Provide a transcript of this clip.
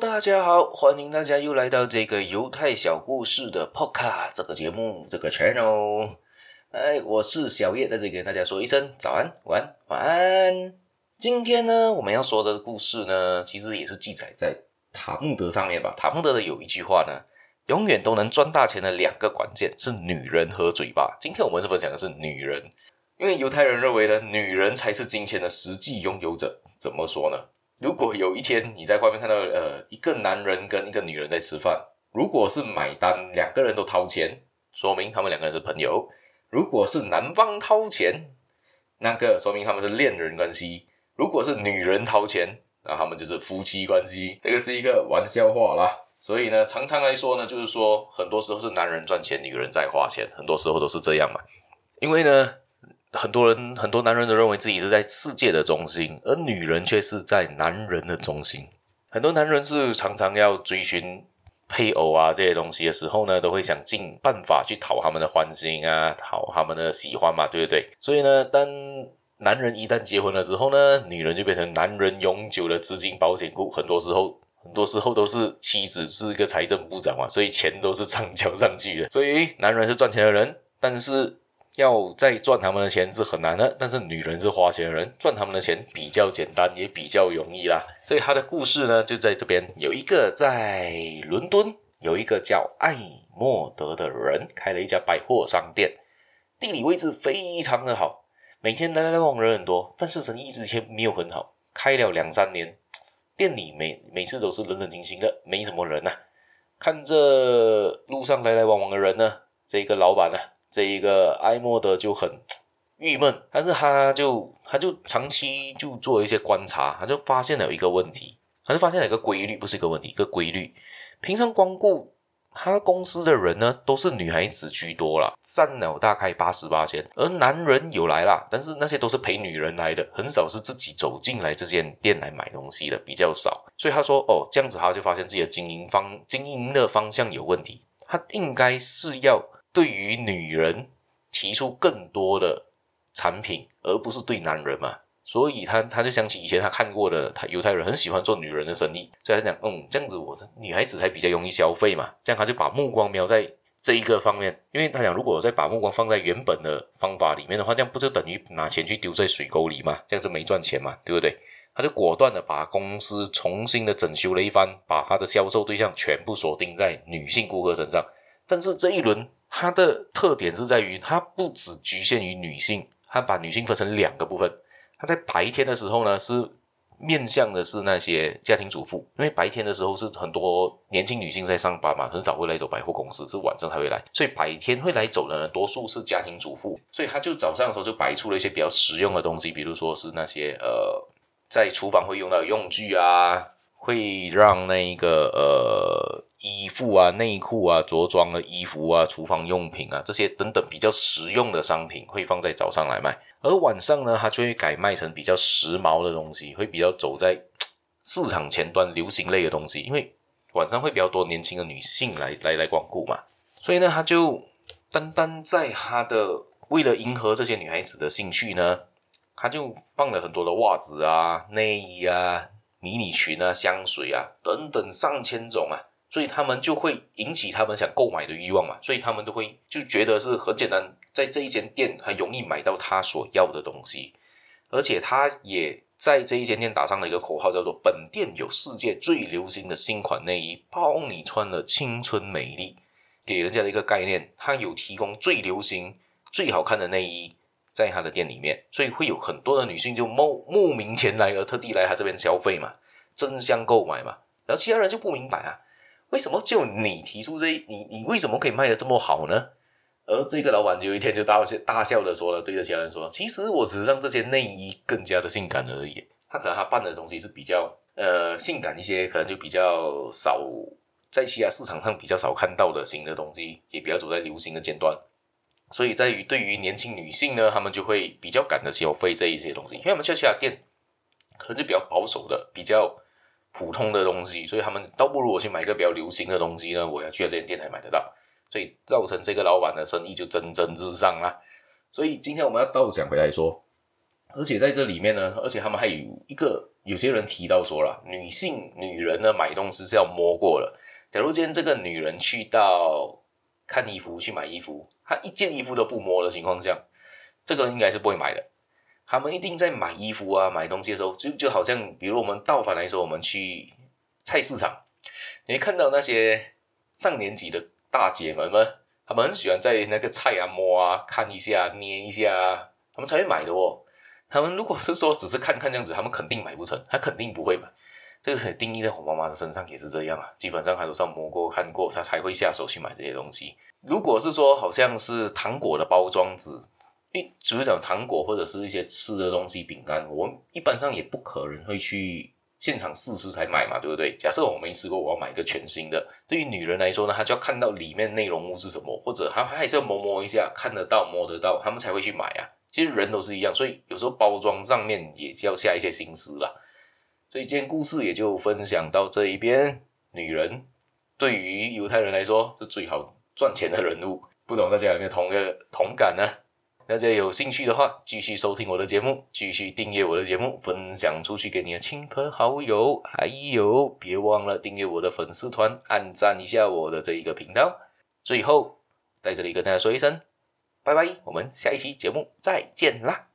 大家好，歡迎大家又來到這個猶太小故事的 Podcast 這個節目、這個 Channel。哎，我是小葉，在這裡跟大家說一聲早安、晚安、晚安。今天呢，我們要說的故事呢，其實也是記載在塔木德上面吧。塔木德的有一句話呢，永遠都能賺大錢的兩個關鍵是女人和嘴巴。今天我們是分享的是女人，因為猶太人認為呢，女人才是金錢的實際擁有者。怎麼說呢？如果有一天你在外面看到呃一個男人跟一個女人在吃飯，如果是買單兩個人都掏錢，說明他們兩個人是朋友；如果是男方掏錢，那個說明他們是戀人關係；如果是女人掏錢，那他們就是夫妻關係。這個是一個玩笑話啦。所以呢，常常來說呢，就是說很多時候是男人賺錢，女人在花錢，很多時候都是這樣嘛。因為呢。很多人，很多男人都認為自己是在世界的中心，而女人卻是在男人的中心。很多男人是常常要追尋配偶啊這些東西的時候呢，都會想盡辦法去討他們的歡心啊，討他們的喜歡嘛，對不對？所以呢，當男人一旦結婚了之後呢，女人就變成男人永久的資金保險庫。很多時候，很多時候都是妻子是一個財政部長嘛、啊，所以錢都是上交上去的。所以，男人是賺錢的人，但是。要再賺他們的錢是很難的，但是女人是花錢的人，賺他們的錢比較簡單也比較容易啦。所以他的故事呢，就在這邊。有一個在倫敦，有一個叫艾莫德的人，開了一家百貨商店，地理位置非常的好，每天來來往往人很多。但是生意之前沒有很好，開了兩三年，店裡每每次都是冷冷清清的，沒什麼人吶、啊。看着路上來來往往的人呢，這個老闆呢、啊。這一個埃莫德就很鬱悶，但是他就他就長期就做一些觀察，他就發現了有一個問題，他就發現了一個規律，不是一個問題，一個規律。平常光顧他公司的人呢，都是女孩子居多啦，佔了大概八十巴仙，而男人有來了，但是那些都是陪女人來的，很少是自己走進來這間店來買東西的，比較少。所以他說：“哦，這樣子，他就發現自己的經營方經營的方向有問題，他應該是要。”對於女人提出更多的產品，而不是對男人嘛，所以他他就想起以前他看過的，他猶太人很喜歡做女人的生意，所以他就講，嗯，這樣子，我是女孩子才比較容易消費嘛，這樣他就把目光瞄在這一個方面，因為他講，如果我再把目光放在原本的方法裡面的話，這樣不就等於拿錢去丟在水溝裡嘛，這樣是沒賺錢嘛，對不對？他就果斷的把公司重新的整修了一番，把他的銷售對象全部鎖定在女性顧客身上，但是這一輪。它的特點是在於，它不只局限於女性，它把女性分成兩個部分。它在白天的時候呢，是面向的是那些家庭主婦，因為白天的時候是很多年輕女性在上班嘛，很少會來走百貨公司，是晚上才會來，所以白天會來走的人多數是家庭主婦，所以他就早上的時候就擺出了一些比較實用的東西，比如說是那些呃，在廚房會用到的用具啊，會讓那一個呃。衣服啊，內褲啊，着裝啊，衣服啊，廚房用品啊，這些等等比較實用的商品會放在早上來賣，而晚上呢，他就會改賣成比較時髦的東西，會比較走在市場前端流行類的東西，因為晚上會比較多年輕的女性來來來光顧嘛，所以呢，他就單單在他的為了迎合這些女孩子的興趣呢，他就放了很多的襪子啊，內衣啊，迷你裙啊，香水啊，等等上千種啊。所以他們就會引起他們想購買的欲望嘛，所以他們都會就覺得是很簡單，在這一間店很容易買到他所要的東西，而且他也在這一間店打上了一個口號，叫做“本店有世界最流行的新款內衣，包你穿的青春美麗”，給人家的一個概念，他有提供最流行、最好看的內衣在他的店裡面，所以會有很多的女性就慕，慕名前來，而特地來他這邊消費嘛，爭相購買嘛，然後其他人就不明白啊。為什麼就你提出這你你為什麼可以賣的這麼好呢？而這個老板就有一天就大笑大笑的說了，對着其他人說：“其實我只是讓這些內衣更加的性感而已。”他可能他辦的東西是比較呃性感一些，可能就比較少在其他市場上比較少看到的新的東西，也比較走在流行的尖端。所以在於對於年輕女性呢，他們就會比較敢的消費這一些東西，因為我們這些店可能就比較保守的，比較。普通的東西，所以他們倒不如我去買一個比較流行的東西呢，我要去到這間店才買得到，所以造成這個老闆的生意就蒸蒸日上啊。所以今天我們要倒講回來說，而且在這裡面呢，而且他們還有一個有些人提到說啦，女性女人呢買東西是要摸過的。假如今天這個女人去到看衣服去買衣服，她一件衣服都不摸的情況下，這個人應該是不會買的。他們一定在買衣服啊，買東西的時候，就就好像，比如我們倒反來說，我們去菜市場，你會看到那些上年紀的大姐們們，他們很喜歡在那個菜啊摸啊，看一下，捏一下啊，他們才會買的哦。他們如果是說只是看看這樣子，他們肯定買不成，他肯定不會買。這個可以定義在我媽媽的身上也是這樣啊，基本上還都是摸過、看過，她才會下手去買這些東西。如果是說好像是糖果的包裝紙，因為只是講糖果或者是一些吃的東西、餅乾，我一般上也不可能會去現場試吃才買嘛，對不對？假設我沒吃過，我要買一個全新的。對於女人來說呢，她就要看到裡面內容物是什麼，或者她還是要摸摸一下，看得到摸得到，她們才會去買啊。其實人都是一樣，所以有時候包裝上面也要下一些心思啦。所以今天故事也就分享到這一邊。女人對於猶太人來說是最好賺錢的人物，不懂大家有沒有同一個同感呢、啊？大家有興趣的話，繼續收聽我的節目，繼續訂閱我的節目，分享出去給你的親朋好友，還有別忘了訂閱我的粉絲團，按讚一下我的這一個頻道。最後，在這裡跟大家說一聲，拜拜，我們下一期節目再見啦。